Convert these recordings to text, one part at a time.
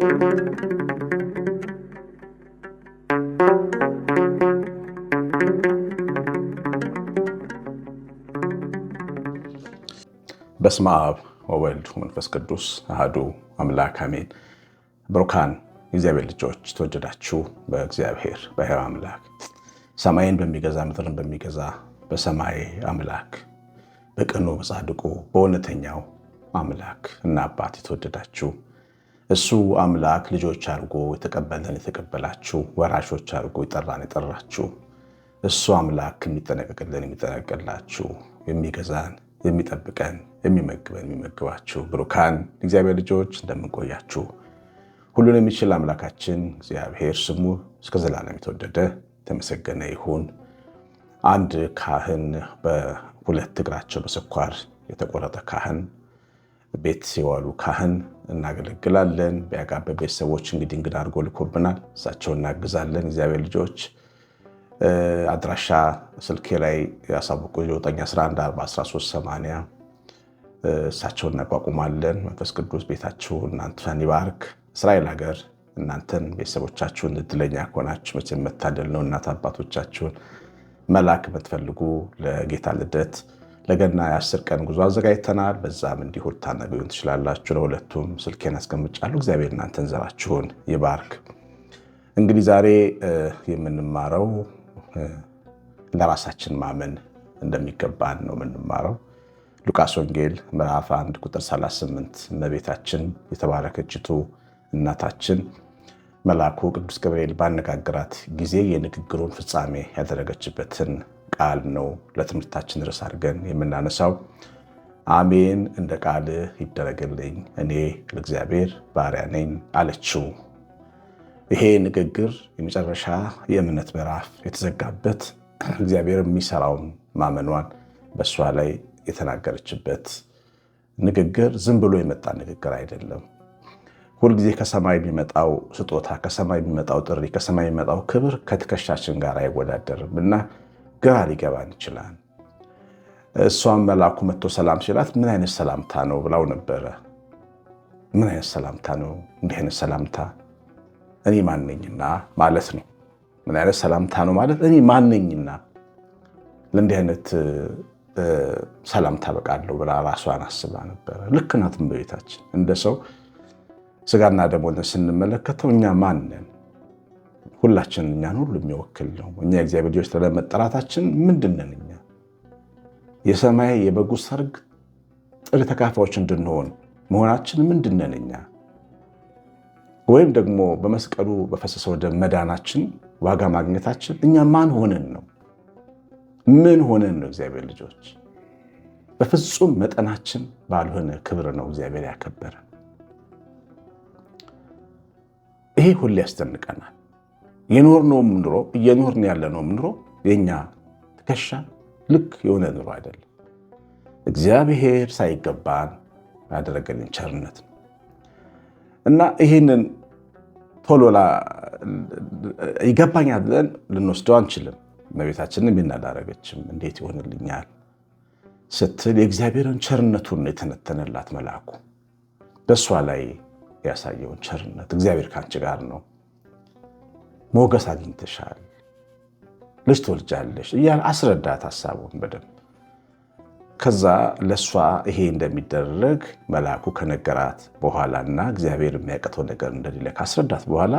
በስመ አብ ወወልድ ወመንፈስ ቅዱስ አህዱ አምላክ አሜን። ብሩካን የእግዚአብሔር ልጆች ተወደዳችሁ በእግዚአብሔር በሕያው አምላክ ሰማይን በሚገዛ ምድርን በሚገዛ በሰማይ አምላክ በቅኑ በጻድቁ በእውነተኛው አምላክ እና አባት የተወደዳችሁ እሱ አምላክ ልጆች አድርጎ የተቀበለን የተቀበላችሁ፣ ወራሾች አድርጎ የጠራን የጠራችሁ፣ እሱ አምላክ የሚጠነቀቅልን የሚጠነቀቅላችሁ፣ የሚገዛን የሚጠብቀን፣ የሚመግበን የሚመግባችሁ፣ ብሩካን እግዚአብሔር ልጆች እንደምንቆያችሁ ሁሉን የሚችል አምላካችን እግዚአብሔር ስሙ እስከ ዘላለም የተወደደ የተመሰገነ ይሁን። አንድ ካህን በሁለት እግራቸው በስኳር የተቆረጠ ካህን ቤት ሲዋሉ ካህን እናገለግላለን። በያጋበ ቤተሰቦች እንግዲህ እንግዳ አድርጎ ልኮብናል። እሳቸው እናግዛለን። እግዚአብሔር ልጆች አድራሻ ስልኬ ላይ ያሳውቁ 9114380 እሳቸውን እናቋቁማለን። መንፈስ ቅዱስ ቤታችሁ እናንተን ይባርክ። እስራኤል ሀገር እናንተን ቤተሰቦቻችሁን እድለኛ ከሆናችሁ መቼም መታደል ነው። እናት አባቶቻችሁን መላክ የምትፈልጉ ለጌታ ልደት ለገና የአስር ቀን ጉዞ አዘጋጅተናል። በዛም እንዲሁ ልታናገኙን ትችላላችሁ። ለሁለቱም ስልኬን አስቀምጫለሁ። እግዚአብሔር እናንተን ዘራችሁን ይባርክ። እንግዲህ ዛሬ የምንማረው ለራሳችን ማመን እንደሚገባን ነው የምንማረው። ሉቃስ ወንጌል ምዕራፍ 1 ቁጥር 38 እመቤታችን የተባረከችቱ እናታችን መልአኩ ቅዱስ ገብርኤል ባነጋግራት ጊዜ የንግግሩን ፍጻሜ ያደረገችበትን ቃል ነው ለትምህርታችን ርዕስ አድርገን የምናነሳው። አሜን እንደ ቃልህ ይደረግልኝ፣ እኔ ለእግዚአብሔር ባሪያ ነኝ አለችው። ይሄ ንግግር የመጨረሻ የእምነት ምዕራፍ የተዘጋበት እግዚአብሔር የሚሰራውን ማመኗን በእሷ ላይ የተናገረችበት ንግግር ዝም ብሎ የመጣ ንግግር አይደለም። ሁልጊዜ ከሰማይ የሚመጣው ስጦታ፣ ከሰማይ የሚመጣው ጥሪ፣ ከሰማይ የሚመጣው ክብር ከትከሻችን ጋር አይወዳደርም እና ግራ ሊገባን ይችላል። እሷም መልአኩ መጥቶ ሰላም ሲላት ምን አይነት ሰላምታ ነው ብላው ነበረ። ምን አይነት ሰላምታ ነው? እንዲህ አይነት ሰላምታ እኔ ማነኝና ማለት ነው። ምን አይነት ሰላምታ ነው ማለት እኔ ማነኝና ለእንዲህ አይነት ሰላምታ በቃለሁ ብላ ራሷን አስባ ነበረ። ልክ ናት እመቤታችን። እንደ ሰው ስጋና ደሞን ስንመለከተው እኛ ማንን ሁላችን እኛን ሁሉ የሚወክል ነው። እኛ እግዚአብሔር ልጆች ተብለን መጠራታችን ምንድን እኛ የሰማይ የበጉ ሰርግ ጥሪ ተካፋዮች እንድንሆን መሆናችን ምንድንን እኛ ወይም ደግሞ በመስቀሉ በፈሰሰው ደም መዳናችን ዋጋ ማግኘታችን እኛ ማን ሆነን ነው? ምን ሆነን ነው? እግዚአብሔር ልጆች በፍጹም መጠናችን ባልሆነ ክብር ነው እግዚአብሔር ያከበረ ይሄ ሁሌ ያስደንቀናል። የኖር ነው እየኖር እየኖርን ያለ ነው ኑሮ የኛ ትከሻ ልክ የሆነ ኑሮ አይደለም። እግዚአብሔር ሳይገባን ያደረገልን ቸርነት ነው እና ይህንን ቶሎ ይገባኛል ብለን ልንወስደው አንችልም። እመቤታችንም ይናዳረገችም እንዴት ይሆንልኛል ስትል የእግዚአብሔርን ቸርነቱን የተነተነላት መልአኩ በእሷ ላይ ያሳየውን ቸርነት እግዚአብሔር ከአንቺ ጋር ነው ሞገስ አግኝተሻል፣ ልጅ ትወልጃለሽ እያለ አስረዳት ሀሳቡን በደንብ። ከዛ ለእሷ ይሄ እንደሚደረግ መልአኩ ከነገራት በኋላና እግዚአብሔር የሚያቀተው ነገር እንደሌለ ካስረዳት በኋላ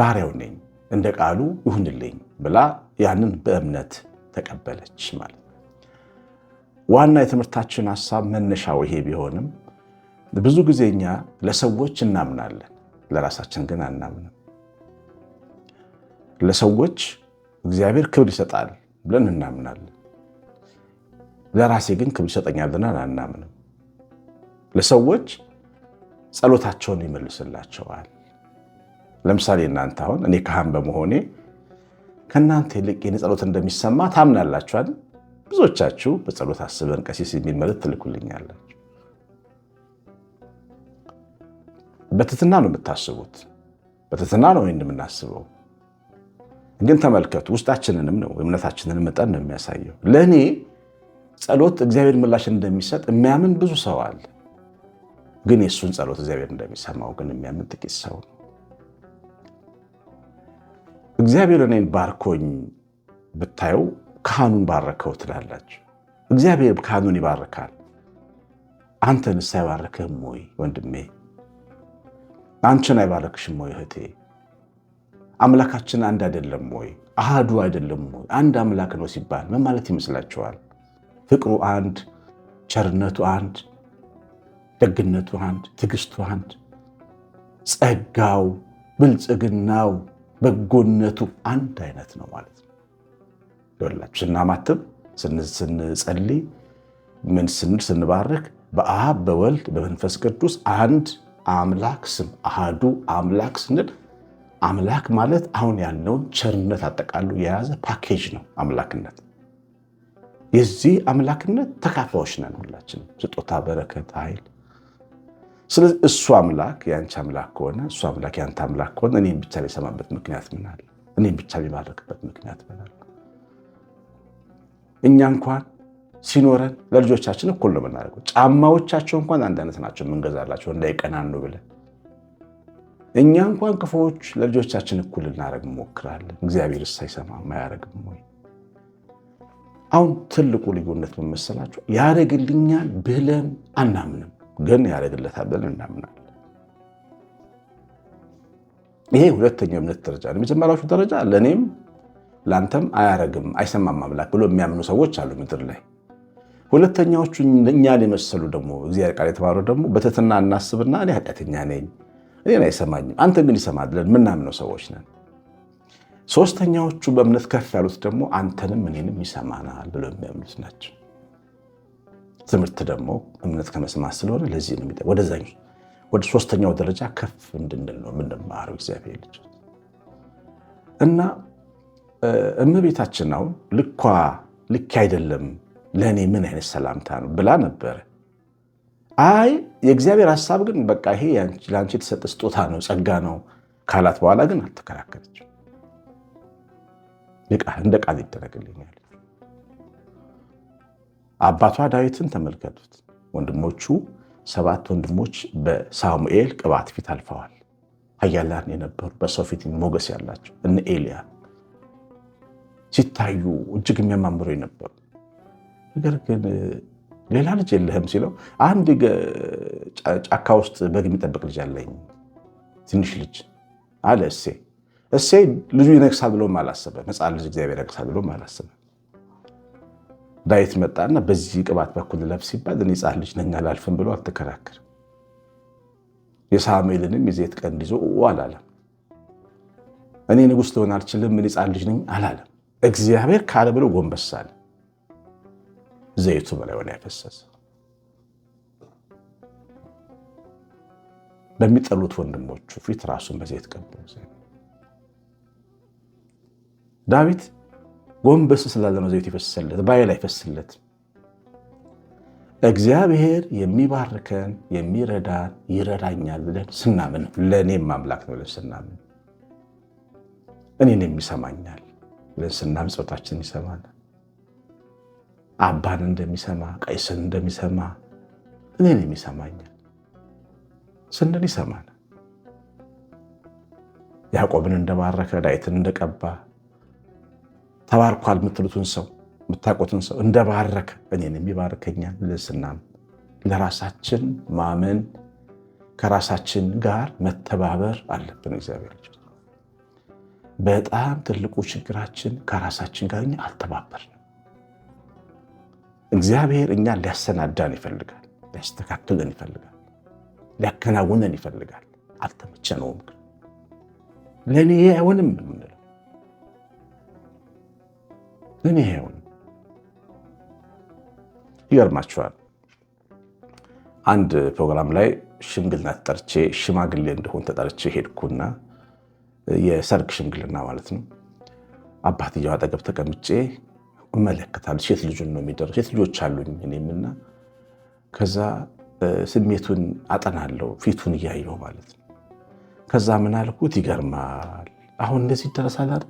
ባሪያው ነኝ እንደ ቃሉ ይሁንልኝ ብላ ያንን በእምነት ተቀበለች ማለት ነው። ዋና የትምህርታችን ሀሳብ መነሻው ይሄ ቢሆንም ብዙ ጊዜኛ ለሰዎች እናምናለን፣ ለራሳችን ግን አናምንም። ለሰዎች እግዚአብሔር ክብር ይሰጣል ብለን እናምናለን። ለራሴ ግን ክብር ይሰጠኛል ብለን አናምንም። ለሰዎች ጸሎታቸውን ይመልስላቸዋል። ለምሳሌ እናንተ አሁን እኔ ካህን በመሆኔ ከእናንተ ይልቅ የኔ ጸሎት እንደሚሰማ ታምናላችኋል። ብዙዎቻችሁ በጸሎት አስበን ቀሲስ የሚል መልእክት ትልኩልኛላችሁ። በትትና ነው የምታስቡት፣ በትትና ነው ይህን የምናስበው። ግን ተመልከቱ፣ ውስጣችንንም ነው እምነታችንንም መጠን ነው የሚያሳየው። ለእኔ ጸሎት እግዚአብሔር ምላሽ እንደሚሰጥ የሚያምን ብዙ ሰው አለ። ግን የእሱን ጸሎት እግዚአብሔር እንደሚሰማው ግን የሚያምን ጥቂት ሰው ነው። እግዚአብሔር እኔን ባርኮኝ ብታየው ካህኑን ባረከው ትላላችሁ። እግዚአብሔር ካህኑን ይባርካል። አንተንስ አይባርክህም ወይ ወንድሜ? አንቺን አይባርክሽም ወይ እህቴ? አምላካችን አንድ አይደለም ወይ? አሃዱ አይደለም ወይ? አንድ አምላክ ነው ሲባል ምን ማለት ይመስላችኋል? ፍቅሩ አንድ፣ ቸርነቱ አንድ፣ ደግነቱ አንድ፣ ትዕግስቱ አንድ፣ ጸጋው፣ ብልጽግናው፣ በጎነቱ አንድ አይነት ነው ማለት ነው። ይወላችሁ ስናማትብ፣ ስንጸልይ፣ ምን ስንል፣ ስንባርክ በአብ በወልድ በመንፈስ ቅዱስ አንድ አምላክ ስም አሃዱ አምላክ ስንል አምላክ ማለት አሁን ያለውን ቸርነት አጠቃሉ የያዘ ፓኬጅ ነው። አምላክነት የዚህ አምላክነት ተካፋዮች ነን ሁላችን፣ ስጦታ፣ በረከት፣ ኃይል። ስለዚህ እሱ አምላክ የአንቺ አምላክ ከሆነ እሱ አምላክ የአንተ አምላክ ከሆነ እኔም ብቻ ሊሰማበት ምክንያት ምን አለ? እኔም ብቻ ሊባረክበት ምክንያት ምን አለ? እኛ እንኳን ሲኖረን ለልጆቻችን እኩል ነው የምናደርገው። ጫማዎቻቸው እንኳን አንድ አይነት ናቸው የምንገዛላቸው እንዳይቀናኑ ብለን እኛ እንኳን ክፉዎች ለልጆቻችን እኩል ልናደርግ እንሞክራለን። እግዚአብሔር ሳይሰማም አያደርግም ወይ? አሁን ትልቁ ልዩነት ምን መሰላችሁ? ያደርግልኛል ብለን አናምንም፣ ግን ያደርግለታል ብለን እናምናለን። ይሄ ሁለተኛው እምነት ደረጃ ነው። የመጀመሪያዎቹ ደረጃ ለእኔም ለአንተም አያረግም አይሰማም አምላክ ብሎ የሚያምኑ ሰዎች አሉ ምድር ላይ። ሁለተኛዎቹ እኛን የመሰሉ ደግሞ እግዚአብሔር ቃል የተባለው ደግሞ በትህትና እናስብና እኔ ኃጢአተኛ ነኝ እኔን አይሰማኝም፣ አንተ ግን ይሰማል ምናምነው ሰዎች ነን። ሶስተኛዎቹ በእምነት ከፍ ያሉት ደግሞ አንተንም እኔንም ይሰማናል ብሎ የሚያምኑት ናቸው። ትምህርት ደግሞ እምነት ከመስማት ስለሆነ ለዚህ ነው ወደዛ ወደ ሶስተኛው ደረጃ ከፍ እንድንል ነው የምንማረው እግዚአብሔር ልጅ እና እመቤታችን አሁን ልኳ ልክ አይደለም ለእኔ ምን አይነት ሰላምታ ነው ብላ ነበረ አይ የእግዚአብሔር ሀሳብ ግን በቃ ይሄ ለአንቺ የተሰጠ ስጦታ ነው ጸጋ ነው ካላት በኋላ ግን አልተከራከረችም። እንደ ቃል ይደረግልኛል። አባቷ ዳዊትን ተመልከቱት። ወንድሞቹ ሰባት ወንድሞች በሳሙኤል ቅባት ፊት አልፈዋል። ኃያላን የነበሩ በሰው ፊት ሞገስ ያላቸው እነ ኤልያ ሲታዩ እጅግ የሚያማምሩ የነበሩ ነገር ግን ሌላ ልጅ የለህም ሲለው አንድ ጫካ ውስጥ በግ የሚጠብቅ ልጅ አለኝ ትንሽ ልጅ አለ። እሴ እሴ ልጁ ይነግሳል ብሎም አላሰበ። ሕፃን ልጅ እግዚአብሔር ያነግሳል ብሎም አላሰበ። ዳዊት መጣና በዚህ ቅባት በኩል ለብስ ሲባል እኔ ህፃን ልጅ ነኝ አላልፍም ብሎ አልተከራከርም። የሳሙኤልንም የዘይት ቀንድ ይዞ አላለም። እኔ ንጉሥ ልሆን አልችልም፣ እኔ ልጅ ነኝ አላለም። እግዚአብሔር ካለ ብሎ ጎንበሳል። ዘይቱ በላዩ ላይ ያፈሰሰ። በሚጠሉት ወንድሞቹ ፊት ራሱን በዘይት ቀባው። ዳዊት ጎንበስ ስላለ ነው ዘይት ይፈስለት ባይ ላይ አይፈስለት። እግዚአብሔር የሚባርከን የሚረዳን ይረዳኛል ብለን ስናምን፣ ለእኔም አምላክ ነው ብለን ስናምን፣ እኔን የሚሰማኛል ብለን ስናምን ጸሎታችንን ይሰማናል። አባን እንደሚሰማ ቀይስን እንደሚሰማ እኔን የሚሰማኛል ስንል ይሰማል። ያዕቆብን እንደባረከ ዳዊትን እንደቀባ ተባርኳል የምትሉትን ሰው የምታውቁትን ሰው እንደባረከ እኔንም ይባርከኛል ልስናም ለራሳችን ማመን ከራሳችን ጋር መተባበር አለብን። እግዚአብሔር በጣም ትልቁ ችግራችን ከራሳችን ጋር አልተባበርንም። እግዚአብሔር እኛን ሊያሰናዳን ይፈልጋል፣ ሊያስተካክለን ይፈልጋል፣ ሊያከናውነን ይፈልጋል። አልተመቸነውም፣ ግን ለእኔ አይሆንም የምንለው ለእኔ አይሆንም። ይገርማችኋል። አንድ ፕሮግራም ላይ ሽምግልና ተጠርቼ ሽማግሌ እንደሆን ተጠርቼ ሄድኩና የሰርግ ሽምግልና ማለት ነው። አባትየው አጠገብ ተቀምጬ እመለከታለሁ። ሴት ልጁን ነው የሚደረው። ሴት ልጆች አሉኝ እኔምና ከዛ ስሜቱን አጠናለሁ ፊቱን እያየሁ ማለት ነው። ከዛ ምን አልኩት፣ ይገርማል። አሁን እንደዚህ ይደረሳል አይደል?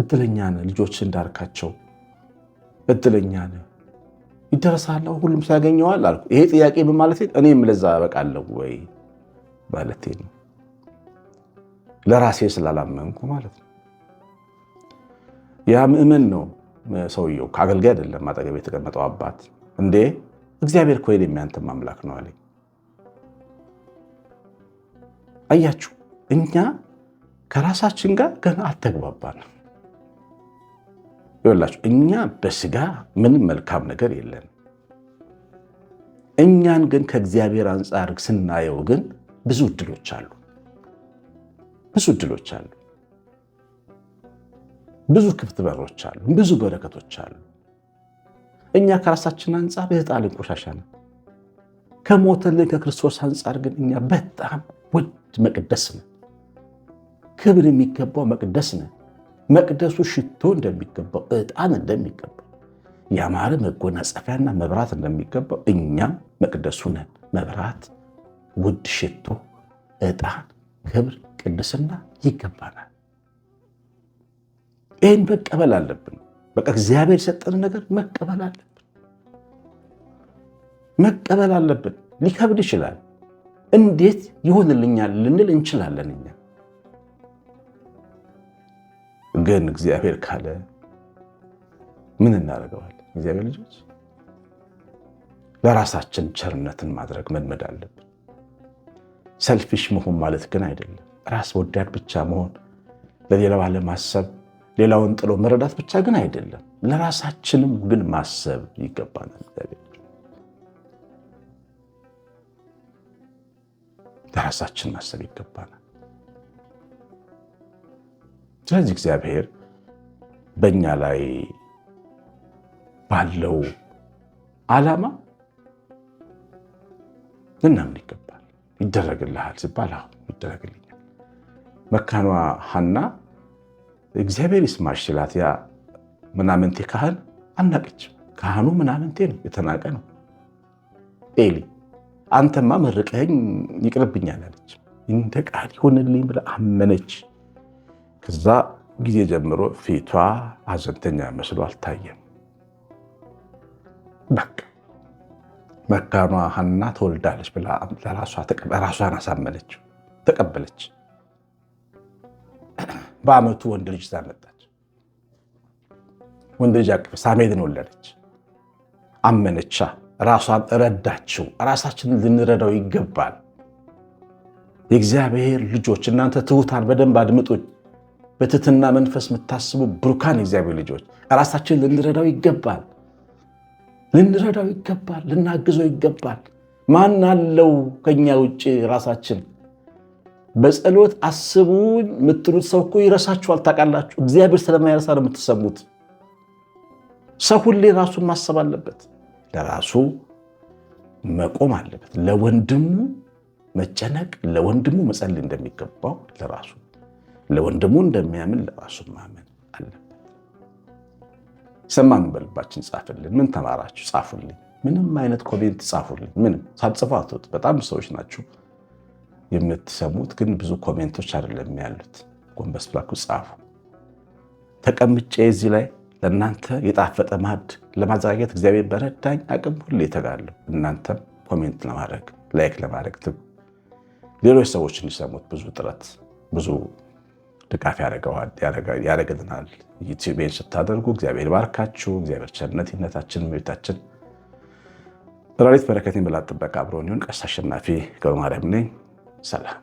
እድለኛ ነህ፣ ልጆች እንዳርካቸው እድለኛ ነህ፣ ይደረሳል፣ ሁሉም ሲያገኘዋል አልኩ። ይሄ ጥያቄ በማለት እኔም ለዛ በቃለሁ ወይ ማለት ነው፣ ለራሴ ስላላመንኩ ማለት ነው። ያ ምእመን ነው ሰውየው ከአገልጋይ አይደለም አጠገብ የተቀመጠው አባት እንዴ እግዚአብሔር ኮይል የሚያንተም አምላክ ነው አለኝ። አያችሁ እኛ ከራሳችን ጋር ገና አልተግባባንም። ይወላችሁ እኛ በስጋ ምንም መልካም ነገር የለን። እኛን ግን ከእግዚአብሔር አንጻር ስናየው ግን ብዙ እድሎች አሉ፣ ብዙ እድሎች አሉ። ብዙ ክፍት በሮች አሉ፣ ብዙ በረከቶች አሉ። እኛ ከራሳችን አንጻር የተጣልን ቆሻሻ ነው። ከሞተልን ከክርስቶስ አንጻር ግን እኛ በጣም ውድ መቅደስ ነን። ክብር የሚገባው መቅደስ ነን። መቅደሱ ሽቶ እንደሚገባው ዕጣን እንደሚገባው ያማረ መጎናጸፊያና መብራት እንደሚገባው እኛም መቅደሱ ነን። መብራት፣ ውድ ሽቶ፣ ዕጣን፣ ክብር፣ ቅድስና ይገባናል። ይህን መቀበል አለብን። በቃ እግዚአብሔር የሰጠን ነገር መቀበል አለብን። መቀበል አለብን። ሊከብድ ይችላል። እንዴት ይሆንልኛል ልንል እንችላለን። እኛ ግን እግዚአብሔር ካለ ምን እናደርገዋለን? እግዚአብሔር ልጆች ለራሳችን ቸርነትን ማድረግ መልመድ አለብን። ሰልፊሽ መሆን ማለት ግን አይደለም ራስ ወዳድ ብቻ መሆን፣ ለሌላው አለማሰብ ሌላውን ጥሎ መረዳት ብቻ ግን አይደለም፣ ለራሳችንም ግን ማሰብ ይገባናል። ለራሳችን ማሰብ ይገባናል። ስለዚህ እግዚአብሔር በእኛ ላይ ባለው ዓላማ ልናምን ይገባል። ይደረግልሃል ሲባል ይደረግልኛል። መካኗ ሐና እግዚአብሔር ይስማሽ ሲላት ያ ምናምንቴ ካህን አናቀች። ካህኑ ምናምንቴ ነው፣ የተናቀ ነው። ኤሊ አንተማ መርቀኝ ይቅርብኛል አለች። እንደ ቃል ይሆንልኝ ብላ አመነች። ከዛ ጊዜ ጀምሮ ፊቷ አዘንተኛ መስሎ አልታየም። በቃ መካኗ ሀና ተወልዳለች ብላ ራሷን አሳመነችው፣ ተቀበለች። በአመቱ ወንድ ልጅ ዛመጣች። ወንድ ልጅ አቅፍ ሳሜድን ወለደች። አመነቻ፣ ራሷን ረዳችው። ራሳችን ልንረዳው ይገባል። የእግዚአብሔር ልጆች እናንተ ትሑታን በደንብ አድምጡኝ። በትህትና መንፈስ የምታስቡ ብሩካን የእግዚአብሔር ልጆች ራሳችን ልንረዳው ይገባል። ልንረዳው ይገባል። ልናግዘው ይገባል። ማን አለው ከኛ ውጭ ራሳችን በጸሎት አስቡኝ የምትሉት ሰው እኮ ይረሳችኋል። ታውቃላችሁ፣ እግዚአብሔር ስለማይረሳ ነው የምትሰሙት። ሰው ሁሌ ራሱን ማሰብ አለበት፣ ለራሱ መቆም አለበት፣ ለወንድሙ መጨነቅ፣ ለወንድሙ መጸል እንደሚገባው ለራሱ ለወንድሙ እንደሚያምን ለራሱ ማመን አለበት። ሰማን በልባችን ጻፍልን። ምን ተማራችሁ? ጻፉልኝ። ምንም አይነት ኮሜንት ጻፉልኝ። ምንም ሳትጽፉ አትወጡ። በጣም ሰዎች ናችሁ የምትሰሙት ግን ብዙ ኮሜንቶች አይደለም ያሉት። ጎንበስ ብላችሁ ጻፉ። ተቀምጬ እዚህ ላይ ለእናንተ የጣፈጠ ማዕድ ለማዘጋጀት እግዚአብሔር በረዳኝ አቅም ሁሌ እተጋለሁ። እናንተም ኮሜንት ለማድረግ ላይክ ለማድረግ ትጉ። ሌሎች ሰዎች እንዲሰሙት ብዙ ጥረት ብዙ ድጋፍ ያደርግልናል። ዩቲዩቤን ስታደርጉ እግዚአብሔር ባርካችሁ። እግዚአብሔር ቸርነት ይነታችን እመቤታችን በረከቴን በላይ ጥበቃ አብሮን ይሁን። ቀሲስ አሸናፊ ገብረማርያም ነኝ። Sala.